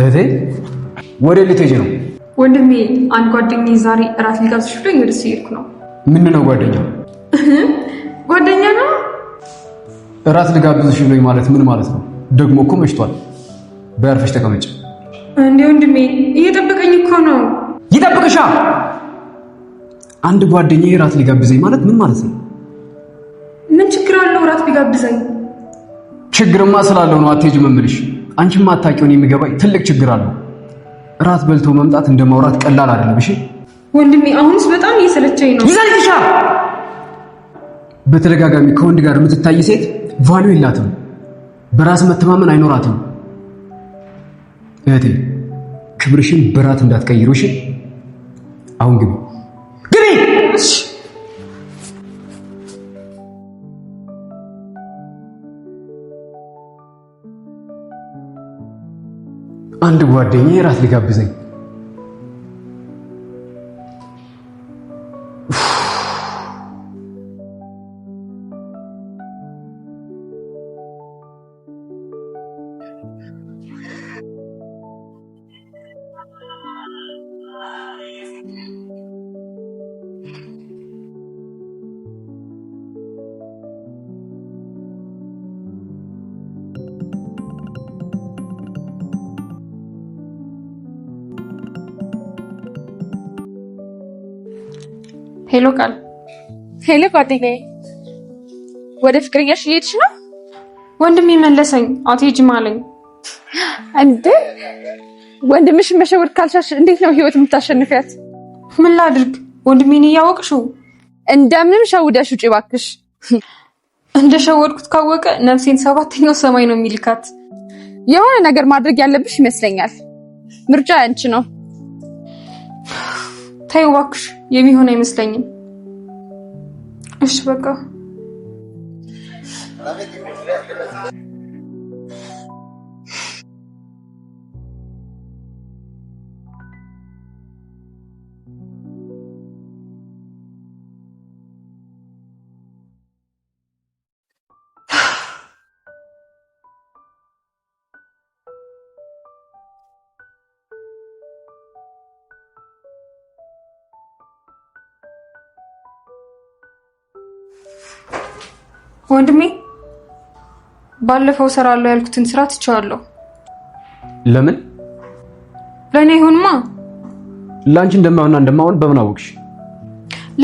እህቴ ወደ ልትሄጂ ነው? ወንድሜ አንድ ጓደኛ ዛሬ እራት ሊጋብዝሽ ብሎኝ ወደ እሱ እየሄድኩ ነው። ምን ነው ጓደኛ ጓደኛ ነው? እራት ልጋብዝሽ ብሎኝ ማለት ምን ማለት ነው? ደግሞ እኮ መሽቷል። በያርፈሽ ተቀመጭ። እንዴ ወንድሜ እየጠበቀኝ እኮ ነው። ይጠብቅሻ። አንድ ጓደኛ እራት ሊጋብዘኝ ማለት ምን ማለት ነው? ምን ችግር አለው እራት ቢጋብዘኝ? ችግርማ ስላለው ነው አትሄጂም እምልሽ አንቺ ማታቂውን የሚገባኝ ትልቅ ችግር አለው። እራት በልቶ መምጣት እንደ ማውራት ቀላል አይደለም። እሺ ወንድሜ፣ አሁንስ በጣም እየሰለቸኝ ነው። ይዘልሻል። በተደጋጋሚ ከወንድ ጋር የምትታይ ሴት ቫሉ የላትም፣ በራስ መተማመን አይኖራትም። እህቴ ክብርሽን በራት እንዳትቀይሩሽ። አሁን ግቢ ግቢ። አንድ ጓደኛ የራት ሊጋብዘኝ ሄሎ ቃል ሄሎ ጓደኛዬ ወደ ፍቅረኛሽ እየሄድሽ ነው? ወንድሜ መለሰኝ። አትሄጂም አለኝ። እንዴ ወንድምሽን መሸወድ ካልሻሽ እንዴት ነው ህይወት የምታሸንፊያት? ምን ላድርግ? ወንድሜን እያወቅሽው እንደምንም ሸውደሽ ውጪ እባክሽ። እንደ ሸወድኩት ካወቀ ነፍሴን ሰባተኛው ሰማይ ነው የሚልካት። የሆነ ነገር ማድረግ ያለብሽ ይመስለኛል። ምርጫ ያንቺ ነው። ተይው እባክሽ የሚሆን አይመስለኝም። እሺ በቃ ወንድሜ ባለፈው እሰራለሁ ያልኩትን ስራ ትቼዋለሁ። ለምን? ለእኔ ይሁንማ። ለአንቺ እንደማይሆንና እንደማይሆን በምን አወቅሽ?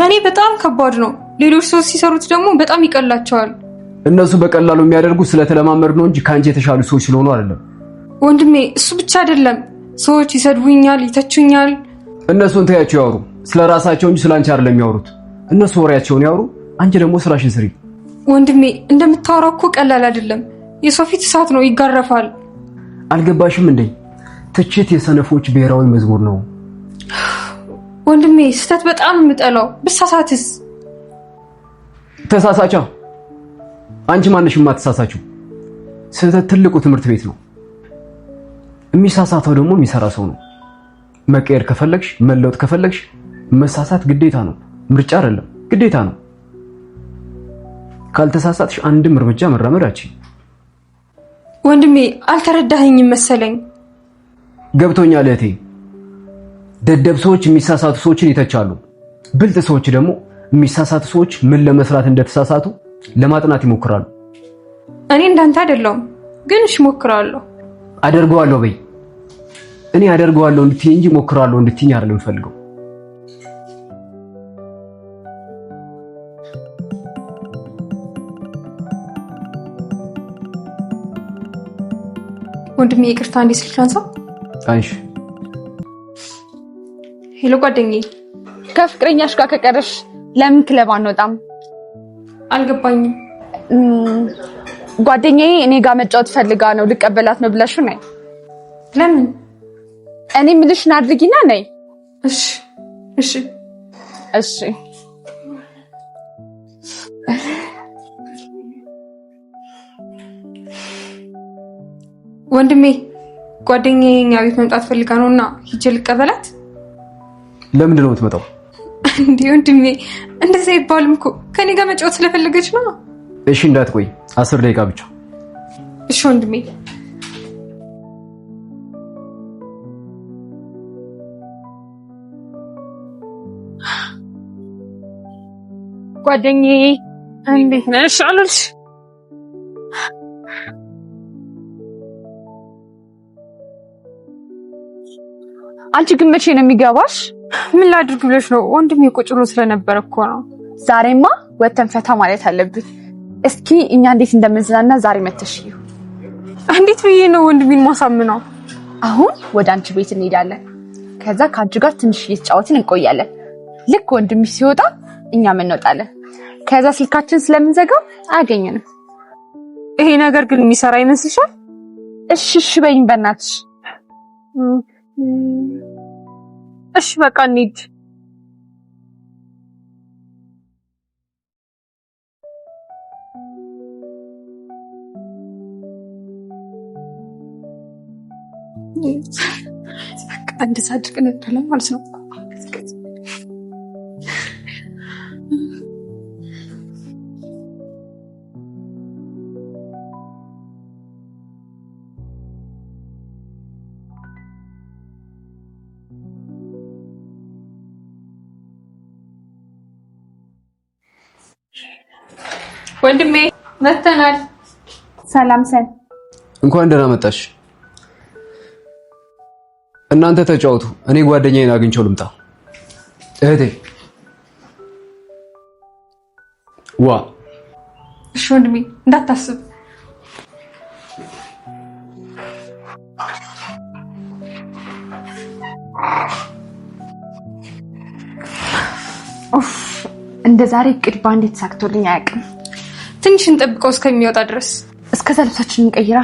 ለእኔ በጣም ከባድ ነው። ሌሎች ሰዎች ሲሰሩት ደግሞ በጣም ይቀላቸዋል። እነሱ በቀላሉ የሚያደርጉት ስለተለማመድ ነው እንጂ ከአንቺ የተሻሉ ሰዎች ስለሆኑ አይደለም። ወንድሜ እሱ ብቻ አይደለም። ሰዎች ይሰድቡኛል፣ ይተቹኛል። እነሱን ተያቸው ያወሩ። ስለ ራሳቸው እንጂ ስለ አንቺ አይደለም የሚያወሩት። እነሱ ወሬያቸውን ያወሩ፣ አንቺ ደግሞ ስራሽን ስሪ። ወንድሜ እንደምታወራው እኮ ቀላል አይደለም። የሶፊት እሳት ነው፣ ይጋረፋል። አልገባሽም እንዴ? ትችት የሰነፎች ብሔራዊ መዝሙር ነው። ወንድሜ ስህተት በጣም የምጠላው ብሳሳትስ? ተሳሳቻ አንቺ ማነሽ የማትሳሳችው? ስህተት ትልቁ ትምህርት ቤት ነው። የሚሳሳተው ደግሞ የሚሰራ ሰው ነው። መቀየር ከፈለግሽ መለወጥ ከፈለግሽ መሳሳት ግዴታ ነው፣ ምርጫ አይደለም፣ ግዴታ ነው። ካልተሳሳትሽ አንድም እርምጃ መራመድ አችኝ። ወንድሜ አልተረዳኸኝም መሰለኝ። ገብቶኛል እህቴ። ደደብ ሰዎች የሚሳሳቱ ሰዎችን ይተቻሉ። ብልጥ ሰዎች ደግሞ የሚሳሳቱ ሰዎች ምን ለመስራት እንደተሳሳቱ ለማጥናት ይሞክራሉ። እኔ እንዳንተ አይደለሁም፣ ግን እሺ እሞክራለሁ። አደርገዋለሁ በይ። እኔ አደርገዋለሁ እንድትይ እንጂ እሞክራለሁ እንድትይኝ አይደለም ወንድሜ ይቅርታ፣ አንዴ ስልክ ላንሳ። አይሽ ሄሎ፣ ጓደኛዬ ከፍቅረኛሽ ጋር ከቀረሽ ለምን ክለብ አንወጣም? አልገባኝም። ጓደኛዬ እኔ ጋር መጫወት ፈልጋ ነው ልቀበላት ነው ብለሽው ነይ። ለምን? እኔ የምልሽን አድርጊና ነይ። እሺ፣ እሺ፣ እሺ። ወንድሜ ጓደኛዬ እኛ ቤት መምጣት ፈልጋ ነው እና ሂጅ ልቀበላት። ለምንድን ነው የምትመጣው? እንዲህ ወንድሜ እንደዚህ አይባልም እኮ ከኔ ጋር መጫወት ስለፈለገች ነው። እሺ እንዳትቆይ አስር ደቂቃ ብቻ። እሺ ወንድሜ። ጓደኛዬ እንዴት ነሽ አሉልሽ አንቺ ግን መቼ ነው የሚገባሽ? ምን ላድርግ ብለሽ ነው? ወንድም ቁጭ ብሎ ስለነበረ እኮ ነው። ዛሬማ ወተን ፈታ ማለት አለብን። እስኪ እኛ እንዴት እንደምንዝናና ዛሬ መተሽ። እንዴት ብዬ ነው ወንድሜን ማሳምነው? አሁን ወደ አንቺ ቤት እንሄዳለን። ከዛ ከአንቺ ጋር ትንሽ እየተጫወትን እንቆያለን። ልክ ወንድምሽ ሲወጣ እኛም እንወጣለን። ከዛ ስልካችን ስለምንዘጋው አያገኘንም። ይሄ ነገር ግን የሚሰራ ይመስልሻል? እሺ በይኝ በእናትሽ። እሺ በቃ እንሂድ። በቃ እንደዛ ማለት ነው። ወንድሜ መተናል። ሰላም ሰን፣ እንኳን ደህና መጣሽ። እናንተ ተጫወቱ፣ እኔ ጓደኛዬን አግኝቼው ልምጣ። እህቴ ዋ። እሺ ወንድሜ እንዳታስብ። እንደ ዛሬ እቅድ ባንዴ ተሳክቶልኝ አያውቅም። ትንሽ እንጠብቀው እስከሚወጣ ድረስ። እስከዛ ልብሳችን እንቀይራ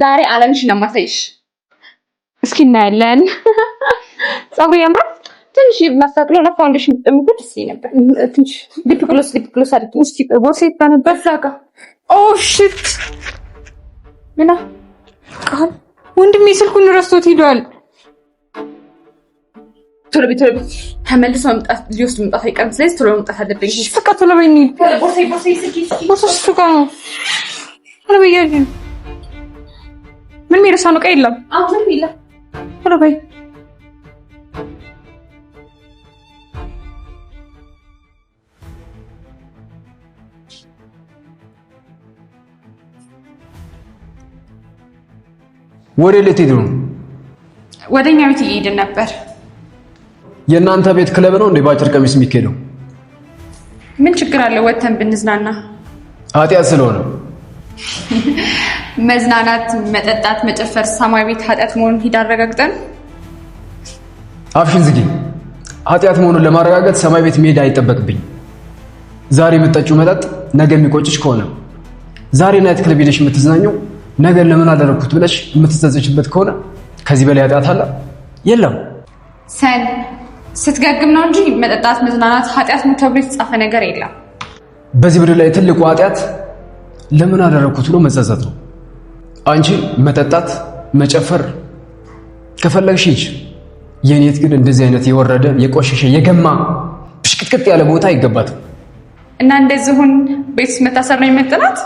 ዛሬ አለምሽ ነው ማሳይሽ። እስኪ እናያለን። ፀጉር ያምራል። ትንሽ ማስተካከል ነው። ፋውንዴሽን እምኩት እስኪ ነበር ትንሽ ሊፕ ግሎስ ሊፕ ግሎስ አድርጊ እስኪ። ቦርሴ ይባላል በዛ ጋር ኦ ሽት ምና ቃል ወንድሜ ስልኩን ረስቶት ሄዷል። ቶሎ ቤት ቶሎ ቤት ተመልሶ መምጣት ሊወስድ መምጣት አይቀርም። ስለዚህ ቶሎ መምጣት አለብኝ። በቃ ቶሎ በይ እንሂድ። ቦርሴ ቦርሴ ስልኬ ቦርሴ ስልኬ ነው ምን የሚረሳው ዕቃ የለም። የለም። ቶሎ በይ። ወደ ሌት ሄዱ ነው? ወደኛ ቤት እየሄድን ነበር። የእናንተ ቤት ክለብ ነው እንዴ? በአጭር ቀሚስ የሚካሄደው ምን ችግር አለው? ወተን ብንዝናና ኃጢአት ስለሆነ መዝናናት፣ መጠጣት፣ መጨፈር ሰማይ ቤት ኃጢአት መሆኑን ሂድ አረጋግጠን። አፍሽን ዝጊ። ኃጢአት መሆኑን ለማረጋገጥ ሰማይ ቤት መሄድ አይጠበቅብኝ። ዛሬ የምትጠጪው መጠጥ ነገ የሚቆጭሽ ከሆነ ዛሬ ናይት ክለብ ሄደሽ የምትዝናኘው ነገ ለምን አደረግኩት ብለሽ የምትጸጸችበት ከሆነ ከዚህ በላይ ኃጢአት አለ? የለም። ሰን ስትገግም ነው እንጂ መጠጣት፣ መዝናናት ኃጢአት ነው ተብሎ የተጻፈ ነገር የለም። በዚህ ምድር ላይ ትልቁ ኃጢአት ለምን አደረግኩት ብሎ መጸጸት ነው። አንቺ መጠጣት፣ መጨፈር ከፈለግሽ ሂጅ። የኔት ግን እንደዚህ አይነት የወረደ የቆሸሸ የገማ ብሽቅጥቅጥ ያለ ቦታ አይገባትም። እና እንደዚሁን ቤት ውስጥ መታሰር ነው የሚመጥናት።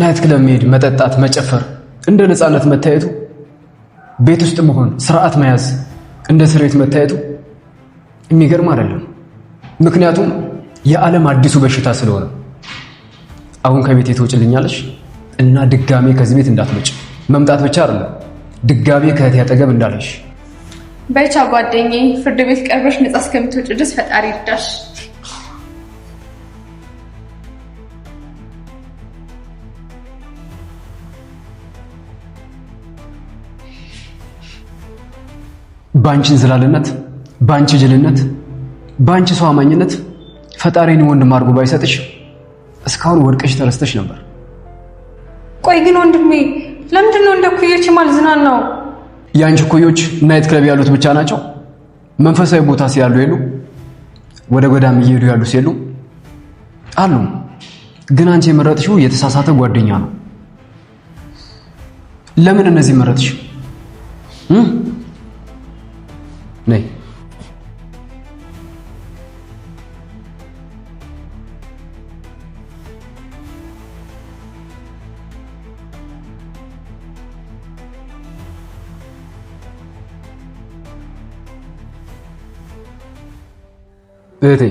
ናይት ክለብ መሄድ፣ መጠጣት፣ መጨፈር፣ እንደ ነፃነት መታየቱ፣ ቤት ውስጥ መሆን፣ ስርዓት መያዝ እንደ እስር ቤት መታየቱ የሚገርም አይደለም። ምክንያቱም የዓለም አዲሱ በሽታ ስለሆነ አሁን ከቤት የተወጭልኛለሽ እና ድጋሜ ከዚህ ቤት እንዳትመጭ። መምጣት ብቻ አይደለም ድጋሜ ከእህቴ አጠገብ እንዳለሽ። በቻ ጓደኛዬ፣ ፍርድ ቤት ቀርበሽ ነጻ እስከምትወጭ ድረስ ፈጣሪ ይርዳሽ። በአንቺ እንዝላልነት፣ በአንቺ ጅልነት፣ በአንቺ ሰው አማኝነት ፈጣሪን ወንድም አድርጎ ባይሰጥሽ እስካሁን ወድቀሽ ተረስተሽ ነበር። ቆይ ግን ወንድሜ ለምንድን ነው እንደ ኩዮች ማልዝናን ነው? የአንቺ ኩዮች ናይት ክለብ ያሉት ብቻ ናቸው? መንፈሳዊ ቦታ ሲያሉ የሉ? ወደ ገዳም እየሄዱ ያሉ ሲሉ አሉ። ግን አንቺ የመረጥሽው የተሳሳተ ጓደኛ ነው። ለምን እነዚህ መረጥሽ? እህቴ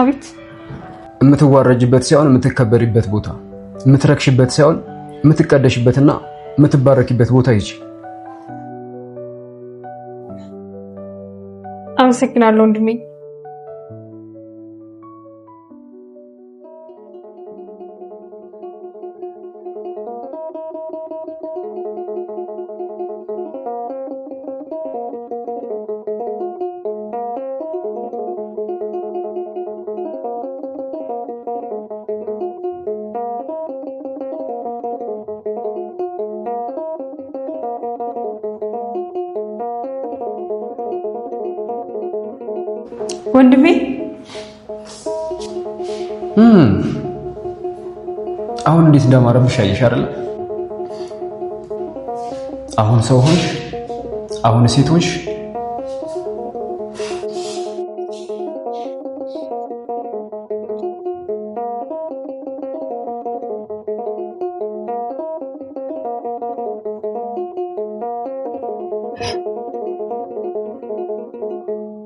አቤት። የምትዋረጅበት ሳይሆን የምትከበሪበት ቦታ፣ የምትረክሽበት ሳይሆን የምትቀደሽበትና የምትባረኪበት ቦታ ይች። አመሰግናለሁ ወንድሜ። ወንድሜ አሁን እንዴት እንደማረብሽ አየሽ አይደል? አሁን ሰው ሆንሽ፣ አሁን ሴት ሆንሽ